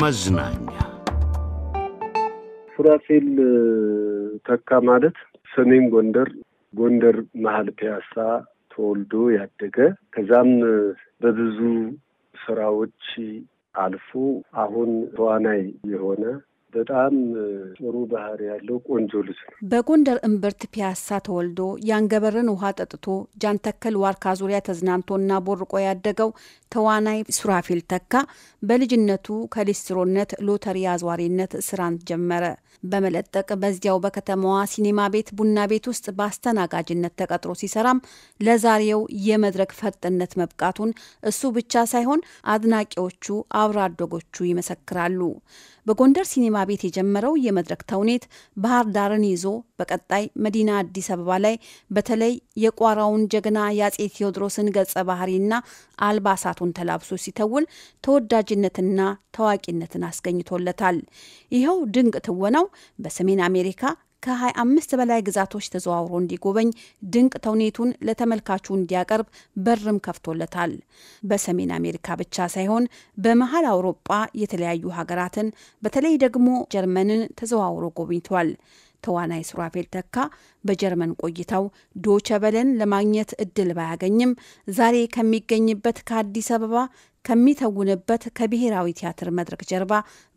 መዝናኛ ሱራፌል ተካ ማለት ሰሜን ጎንደር ጎንደር መሀል ፒያሳ ተወልዶ ያደገ ከዛም በብዙ ስራዎች አልፎ አሁን ተዋናይ የሆነ በጣም ጥሩ ባህሪ ያለው ቆንጆ ልጅ ነው። በጎንደር እምብርት ፒያሳ ተወልዶ ያንገበርን ውሃ ጠጥቶ ጃንተከል ዋርካ ዙሪያ ተዝናንቶና ቦርቆ ያደገው ተዋናይ ሱራፊል ተካ በልጅነቱ ከሊስትሮነት ሎተሪ አዟሪነት ስራን ጀመረ። በመለጠቅ በዚያው በከተማዋ ሲኔማ ቤት፣ ቡና ቤት ውስጥ በአስተናጋጅነት ተቀጥሮ ሲሰራም ለዛሬው የመድረክ ፈርጥነት መብቃቱን እሱ ብቻ ሳይሆን አድናቂዎቹ አብሮ አደጎቹ ይመሰክራሉ። በጎንደር ሲኔማ ቤት የጀመረው የመድረክ ተውኔት ባህር ዳርን ይዞ በቀጣይ መዲና አዲስ አበባ ላይ በተለይ የቋራውን ጀግና የአጼ ቴዎድሮስን ገጸ ባህሪና አልባሳቱን ተላብሶ ሲተውን ተወዳጅነትና ታዋቂነትን አስገኝቶለታል። ይኸው ድንቅ ትወናው በሰሜን አሜሪካ ከ25 በላይ ግዛቶች ተዘዋውሮ እንዲጎበኝ ድንቅ ተውኔቱን ለተመልካቹ እንዲያቀርብ በርም ከፍቶለታል። በሰሜን አሜሪካ ብቻ ሳይሆን በመሀል አውሮጳ የተለያዩ ሀገራትን በተለይ ደግሞ ጀርመንን ተዘዋውሮ ጎብኝቷል። ተዋናይ ሱራፌል ተካ በጀርመን ቆይታው ዶቸበለን ለማግኘት እድል ባያገኝም ዛሬ ከሚገኝበት ከአዲስ አበባ ከሚተውንበት ከብሔራዊ ቲያትር መድረክ ጀርባ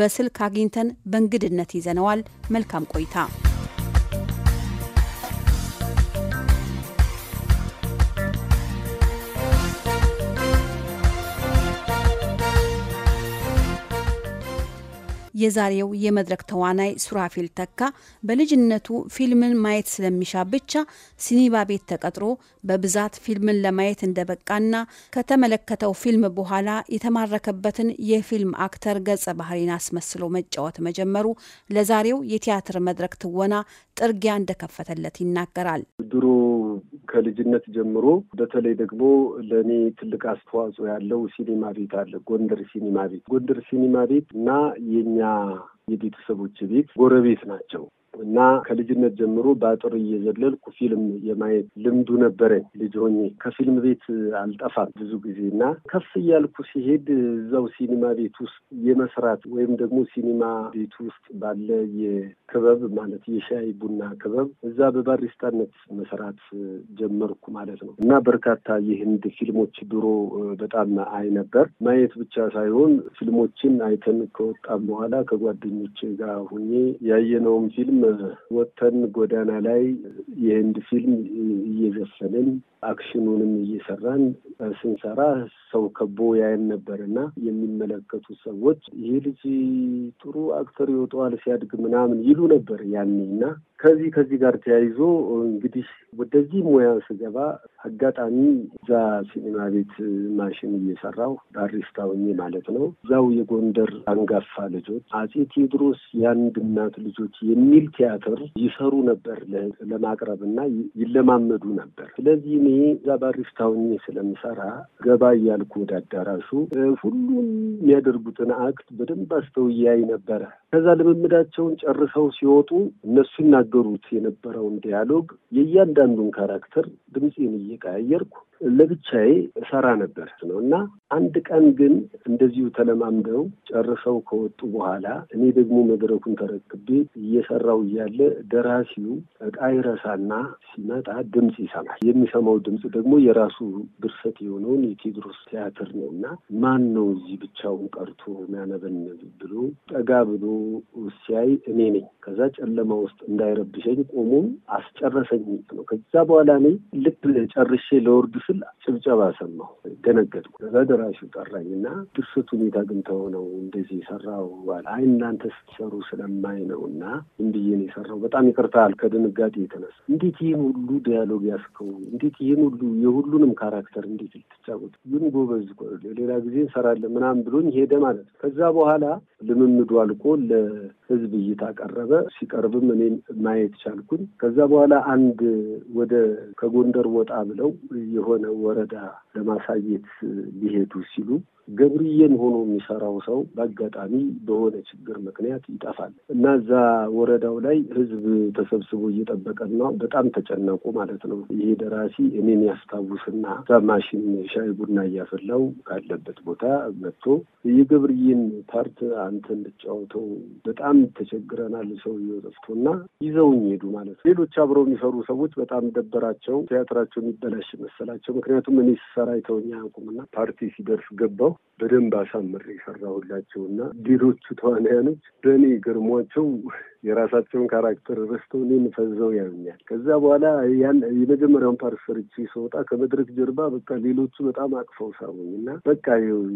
በስልክ አግኝተን በእንግድነት ይዘነዋል። መልካም ቆይታ። የዛሬው የመድረክ ተዋናይ ሱራፊል ተካ በልጅነቱ ፊልምን ማየት ስለሚሻ ብቻ ሲኒማ ቤት ተቀጥሮ በብዛት ፊልምን ለማየት እንደበቃና ከተመለከተው ፊልም በኋላ የተማረከበትን የፊልም አክተር ገጸ ባህሪን አስመስሎ መጫወት መጀመሩ ለዛሬው የቲያትር መድረክ ትወና ጥርጊያ እንደከፈተለት ይናገራል። ድሮ ከልጅነት ጀምሮ በተለይ ደግሞ ለእኔ ትልቅ አስተዋጽኦ ያለው ሲኒማ ቤት አለ። ጎንደር ሲኒማ ቤት ጎንደር ሲኒማ ቤት እና የኛ የቤተሰቦች ቤት ጎረቤት ናቸው። እና ከልጅነት ጀምሮ በአጥር እየዘለልኩ ፊልም የማየት ልምዱ ነበረኝ። ልጅ ሆኜ ከፊልም ቤት አልጠፋም ብዙ ጊዜ እና ከፍ እያልኩ ሲሄድ እዛው ሲኒማ ቤት ውስጥ የመስራት ወይም ደግሞ ሲኒማ ቤት ውስጥ ባለ የክበብ ማለት የሻይ ቡና ክበብ እዛ በባሪስታነት መስራት ጀመርኩ ማለት ነው እና በርካታ የህንድ ፊልሞች ድሮ በጣም አይ ነበር። ማየት ብቻ ሳይሆን ፊልሞችን አይተን ከወጣም በኋላ ከጓደኞች ጋር ሁኜ ያየነውም ፊልም ወጥተን ጎዳና ላይ የህንድ ፊልም እየዘፈንን አክሽኑንም እየሰራን ስንሰራ ሰው ከቦ ያየን ነበር እና የሚመለከቱ ሰዎች ይህ ልጅ ጥሩ አክተር ይወጣዋል ሲያድግ ምናምን ይሉ ነበር ያኔ እና ከዚህ ከዚህ ጋር ተያይዞ እንግዲህ ወደዚህ ሙያ ስገባ አጋጣሚ እዛ ሲኒማ ቤት ማሽን እየሰራሁ ባሪስታ ሆኜ ማለት ነው። እዛው የጎንደር አንጋፋ ልጆች አጼ ቴዎድሮስ የአንድ እናት ልጆች የሚል ቲያትር ይሰሩ ነበር ለማቅረብ እና ይለማመዱ ነበር። ስለዚህ እኔ እዛ ባሪስታ ሆኜ ስለምሰራ ገባ እያልኩ ወደ አዳራሹ ሁሉም የሚያደርጉትን አክት በደንብ አስተውያይ ነበረ። ከዛ ልምምዳቸውን ጨርሰው ሲወጡ እነሱ ሲናገሩት የነበረውን ዲያሎግ የእያንዳንዱን ካራክተር ድምፄን እየቀያየርኩ ለብቻዬ እሰራ ነበር ነው እና አንድ ቀን ግን እንደዚሁ ተለማምደው ጨርሰው ከወጡ በኋላ እኔ ደግሞ መድረኩን ተረክቤ እየሰራው እያለ ደራሲው እቃ ይረሳና ሲመጣ ድምፅ ይሰማል። የሚሰማው ድምፅ ደግሞ የራሱ ድርሰት የሆነውን የቴዎድሮስ ቲያትር ነው እና ማን ነው እዚህ ብቻውን ቀርቶ ሚያነበንብ ብሎ ጠጋ ብሎ ሲያይ እኔ ነኝ። ከዛ ጨለማ ውስጥ እንዳይረብሸኝ ቆሞ አስጨረሰኝ ነው። ከዛ በኋላ እኔ ልብ ጨርሼ ለወርድ ስል ጭብጨባ ሰማሁ። ደነገጥኩ። በደራሹ ጠራኝ እና ሁኔታ ግን አግኝተኸው ነው እንደዚህ የሰራው? አይ እናንተ ስትሰሩ ስለማይ ነው እና እንዲህ የሰራው። በጣም ይቅርታል ከድንጋጤ የተነሳ እንዴት ይህን ሁሉ ዲያሎግ ያስከው? እንዴት ይህን ሁሉ የሁሉንም ካራክተር እንዴት ልትጫወት? ግን ጎበዝ፣ ሌላ ጊዜ እንሰራለን ምናምን ብሎኝ ሄደ ማለት ነው። ከዛ በኋላ ልምምዱ አልቆ ለህዝብ እይታ ቀረበ። ሲቀርብም እኔ ማየት ቻልኩኝ። ከዛ በኋላ አንድ ወደ ከጎንደር ወጣ ብለው የሆነ ወረዳ ለማሳየት ሊሄዱ ሲሉ ገብርዬም ሆኖ የሚሰራው ሰው በአጋጣሚ በሆነ ችግር ምክንያት ይጠፋል እና እዛ ወረዳው ላይ ህዝብ ተሰብስቦ እየጠበቀ ነው። በጣም ተጨነቁ ማለት ነው። ይሄ ደራሲ እኔን ያስታውስና ማሽን ሻይ ቡና እያፈላው ካለበት ቦታ መጥቶ የገብርዬን ፓርት አንተ እንድጫወተው በጣም ተቸግረናል፣ ሰውዬው ጠፍቶና ይዘውኝ ሄዱ ማለት ነው። ሌሎች አብረው የሚሰሩ ሰዎች በጣም ደበራቸው፣ ቲያትራቸው የሚበላሽ መሰላቸው። ምክንያቱም እኔ ተሰራይተው እኛ ፓርቲ ሲደርስ ገባው በደንብ አሳምር የሰራሁላቸውና ሌሎቹ ተዋናያኖች በእኔ ገርሟቸው የራሳቸውን ካራክተር ረስተው እኔን ፈዘው ያዩኛል። ከዛ በኋላ ያን የመጀመሪያውን ፓርት ሰርቼ ስወጣ ከመድረክ ጀርባ በቃ ሌሎቹ በጣም አቅፈው ሳሙኝ እና በቃ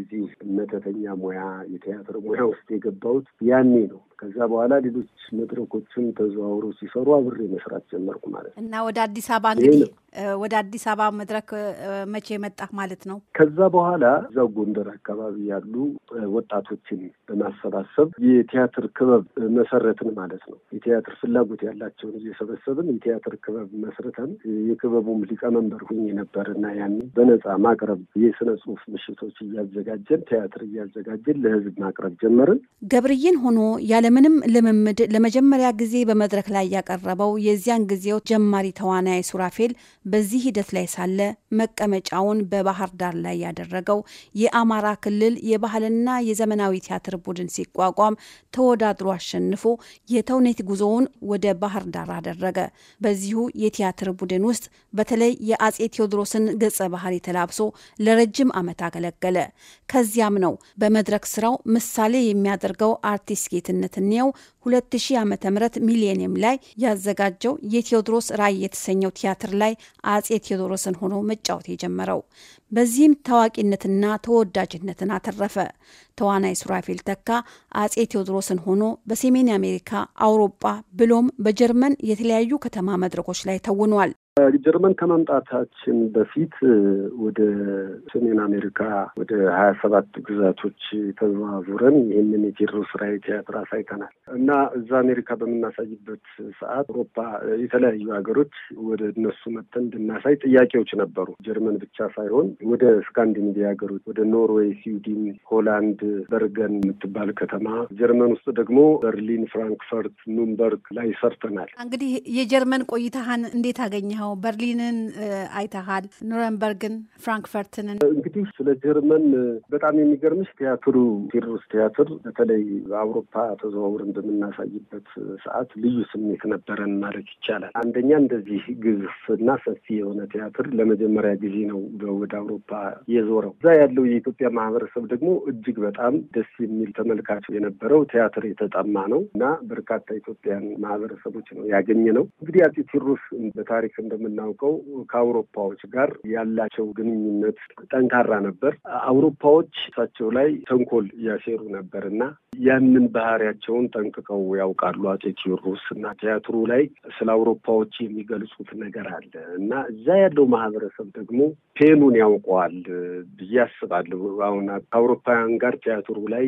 እዚህ መተተኛ ሙያ የቲያትር ሙያ ውስጥ የገባሁት ያኔ ነው። ከዛ በኋላ ሌሎች መድረኮችን ተዘዋውሮ ሲሰሩ አብሬ መስራት ጀመርኩ ማለት ነው። እና ወደ አዲስ አበባ እንግዲህ ወደ አዲስ አበባ መድረክ መቼ መጣህ ማለት ነው? ከዛ በኋላ እዛው ጎንደር አካባቢ ያሉ ወጣቶችን በማሰባሰብ የቲያትር ክበብ መሰረትን ማለት ማለት ነው። የቲያትር ፍላጎት ያላቸውን እየሰበሰብን የቲያትር ክበብ መስርተን የክበቡም ሊቀመንበር ሁኝ ነበር እና ያን በነጻ ማቅረብ የስነ ጽሁፍ ምሽቶች እያዘጋጀን ቲያትር እያዘጋጀን ለህዝብ ማቅረብ ጀመርን። ገብርዬን ሆኖ ያለምንም ልምምድ ለመጀመሪያ ጊዜ በመድረክ ላይ ያቀረበው የዚያን ጊዜው ጀማሪ ተዋናይ ሱራፌል በዚህ ሂደት ላይ ሳለ መቀመጫውን በባህር ዳር ላይ ያደረገው የአማራ ክልል የባህልና የዘመናዊ ቲያትር ቡድን ሲቋቋም ተወዳድሮ አሸንፎ የተውኔት ጉዞውን ወደ ባህር ዳር አደረገ። በዚሁ የቲያትር ቡድን ውስጥ በተለይ የአጼ ቴዎድሮስን ገጸ ባህሪ ተላብሶ ለረጅም ዓመት አገለገለ። ከዚያም ነው በመድረክ ስራው ምሳሌ የሚያደርገው አርቲስት ጌትነት እንየው 2000 ዓ ም ሚሊኒየም ላይ ያዘጋጀው የቴዎድሮስ ራዕይ የተሰኘው ቲያትር ላይ አጼ ቴዎድሮስን ሆኖ መጫወት የጀመረው በዚህም ታዋቂነትና ተወዳጅነትን አተረፈ። ተዋናይ ሱራፌል ተካ አጼ ቴዎድሮስን ሆኖ በሰሜን አሜሪካ፣ አውሮጳ ብሎም በጀርመን የተለያዩ ከተማ መድረኮች ላይ ተውኗል። ጀርመን ከመምጣታችን በፊት ወደ ሰሜን አሜሪካ ወደ ሀያ ሰባት ግዛቶች ተዘዋውረን ይህንን የቴዎድሮስ ራዕይ ቲያትር አሳይተናል እና እዛ አሜሪካ በምናሳይበት ሰዓት አውሮፓ የተለያዩ ሀገሮች ወደ እነሱ መጥተን እንድናሳይ ጥያቄዎች ነበሩ። ጀርመን ብቻ ሳይሆን ወደ ስካንዲኔቪያ ሀገሮች ወደ ኖርዌይ፣ ስዊድን፣ ሆላንድ በርገን የምትባል ከተማ ጀርመን ውስጥ ደግሞ በርሊን፣ ፍራንክፈርት፣ ኑምበርግ ላይ ሰርተናል። እንግዲህ የጀርመን ቆይታህን እንዴት አገኘኸው? ነው። በርሊንን አይተሃል፣ ኑረንበርግን፣ ፍራንክፈርትንን። እንግዲህ ስለ ጀርመን በጣም የሚገርምሽ ቲያትሩ ቴዎድሮስ ቲያትር በተለይ በአውሮፓ ተዘዋውር እንደምናሳይበት ሰዓት ልዩ ስሜት ነበረን ማለት ይቻላል። አንደኛ እንደዚህ ግዙፍ እና ሰፊ የሆነ ቲያትር ለመጀመሪያ ጊዜ ነው ወደ አውሮፓ የዞረው። እዛ ያለው የኢትዮጵያ ማህበረሰብ ደግሞ እጅግ በጣም ደስ የሚል ተመልካች የነበረው ቲያትር የተጠማ ነው እና በርካታ ኢትዮጵያን ማህበረሰቦች ነው ያገኘ ነው። እንግዲህ አፄ ቴዎድሮስ በታሪክ እንደ እንደምናውቀው ከአውሮፓዎች ጋር ያላቸው ግንኙነት ጠንካራ ነበር። አውሮፓዎች እሳቸው ላይ ተንኮል እያሴሩ ነበር እና ያንን ባህሪያቸውን ጠንቅቀው ያውቃሉ። አጤ ቴዎድሮስ እና ቲያትሩ ላይ ስለ አውሮፓዎች የሚገልጹት ነገር አለ እና እዛ ያለው ማህበረሰብ ደግሞ ፔኑን ያውቀዋል ብዬ አስባለሁ። አሁን ከአውሮፓውያን ጋር ቲያትሩ ላይ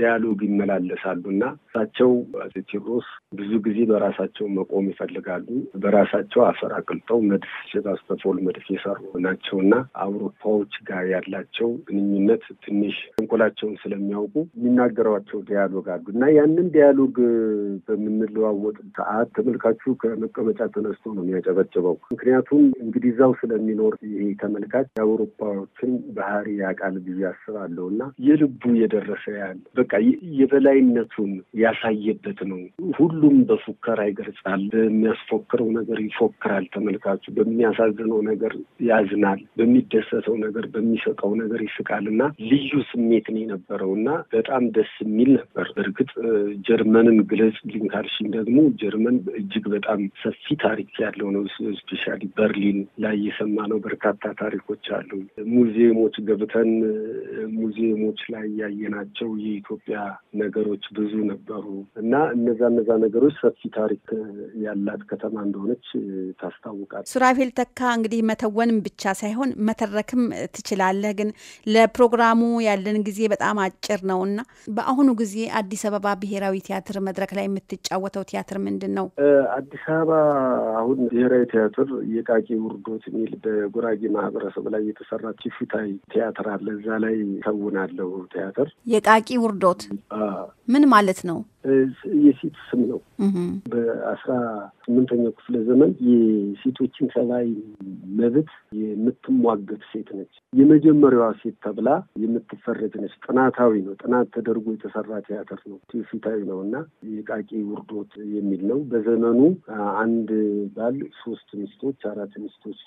ዲያሎግ ይመላለሳሉ እና እሳቸው አፄ ቴዎድሮስ ብዙ ጊዜ በራሳቸው መቆም ይፈልጋሉ። በራሳቸው አፈር አምልጠው መድፍ ሴባስቶፖል መድፍ የሰሩ ናቸው እና አውሮፓዎች ጋር ያላቸው ግንኙነት ትንሽ ተንኮላቸውን ስለሚያውቁ የሚናገሯቸው ዲያሎግ አሉ እና ያንን ዲያሎግ በምንለዋወጥ ሰዓት ተመልካቹ ከመቀመጫ ተነስቶ ነው የሚያጨበጭበው። ምክንያቱም እንግሊዛው ስለሚኖር ይሄ ተመልካች የአውሮፓዎችን ባህሪ ያውቃል ብዬ አስባለሁ እና የልቡ የደረሰ ያህል በቃ የበላይነቱን ያሳየበት ነው። ሁሉም በፉከራ ይገልጻል። በሚያስፎክረው ነገር ይፎክራል። መልካችሁ በሚያሳዝነው ነገር ያዝናል፣ በሚደሰተው ነገር በሚሰጠው ነገር ይስቃል እና ልዩ ስሜት ነው የነበረው እና በጣም ደስ የሚል ነበር። በእርግጥ ጀርመንን ግለጽ ሊንካልሽን ደግሞ ጀርመን እጅግ በጣም ሰፊ ታሪክ ያለው ነው። እስፔሻሊ በርሊን ላይ ነው በርካታ ታሪኮች አሉ። ሙዚየሞች ገብተን ሙዚየሞች ላይ ያየናቸው የኢትዮጵያ ነገሮች ብዙ ነበሩ እና እነዛ እነዛ ነገሮች ሰፊ ታሪክ ያላት ከተማ እንደሆነች ታስታውቃለች። ያስተዋውቃል። ሱራፌል ተካ እንግዲህ መተወንም ብቻ ሳይሆን መተረክም ትችላለህ። ግን ለፕሮግራሙ ያለን ጊዜ በጣም አጭር ነው እና በአሁኑ ጊዜ አዲስ አበባ ብሔራዊ ቲያትር መድረክ ላይ የምትጫወተው ቲያትር ምንድን ነው? አዲስ አበባ አሁን ብሔራዊ ቲያትር የቃቂ ውርዶት የሚል በጉራጌ ማህበረሰብ ላይ የተሰራ ችፍታይ ቲያትር አለ። እዛ ላይ ተውናለው። ቲያትር የቃቂ ውርዶት ምን ማለት ነው? የሴት ስም ነው። በአስራ ስምንተኛው ክፍለ ዘመን የሴቶችን ሰብአዊ መብት የምትሟገት ሴት ነች። የመጀመሪያዋ ሴት ተብላ የምትፈረጅ ነች። ጥናታዊ ነው። ጥናት ተደርጎ የተሰራ ቲያትር ነው። ትውፊታዊ ነው እና የቃቂ ውርዶት የሚል ነው። በዘመኑ አንድ ባል ሶስት ሚስቶች፣ አራት ሚስቶች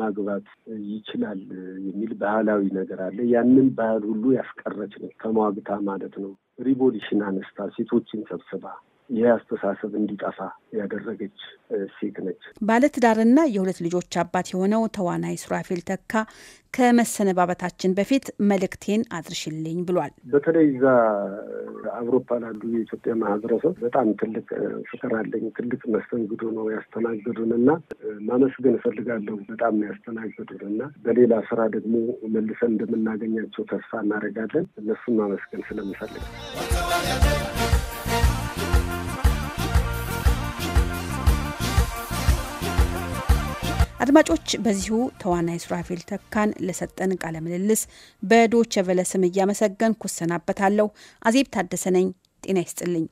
ማግባት ይችላል የሚል ባህላዊ ነገር አለ። ያንን ባህል ሁሉ ያስቀረች ነው። ተሟግታ ማለት ነው። ሪቮሉሽን አነስታ ሴቶችን ሰብስባ ይህ አስተሳሰብ እንዲጠፋ ያደረገች ሴት ነች። ባለትዳርና የሁለት ልጆች አባት የሆነው ተዋናይ ሱራፌል ተካ ከመሰነባበታችን በፊት መልእክቴን አድርሽልኝ ብሏል። በተለይ እዛ አውሮፓ ላሉ የኢትዮጵያ ማህበረሰብ በጣም ትልቅ ፍቅር አለኝ። ትልቅ መስተንግዶ ነው ያስተናገዱን እና ማመስገን እፈልጋለሁ። በጣም ነው ያስተናገዱን እና በሌላ ስራ ደግሞ መልሰን እንደምናገኛቸው ተስፋ እናደርጋለን። እነሱን ማመስገን ስለምፈልግ አድማጮች፣ በዚሁ ተዋናይ ሱራፌል ተካን ለሰጠን ቃለ ምልልስ በዶቸ ቨለ ስም እያመሰገንኩ እሰናበታለሁ። አዜብ ታደሰ ነኝ። ጤና ይስጥልኝ።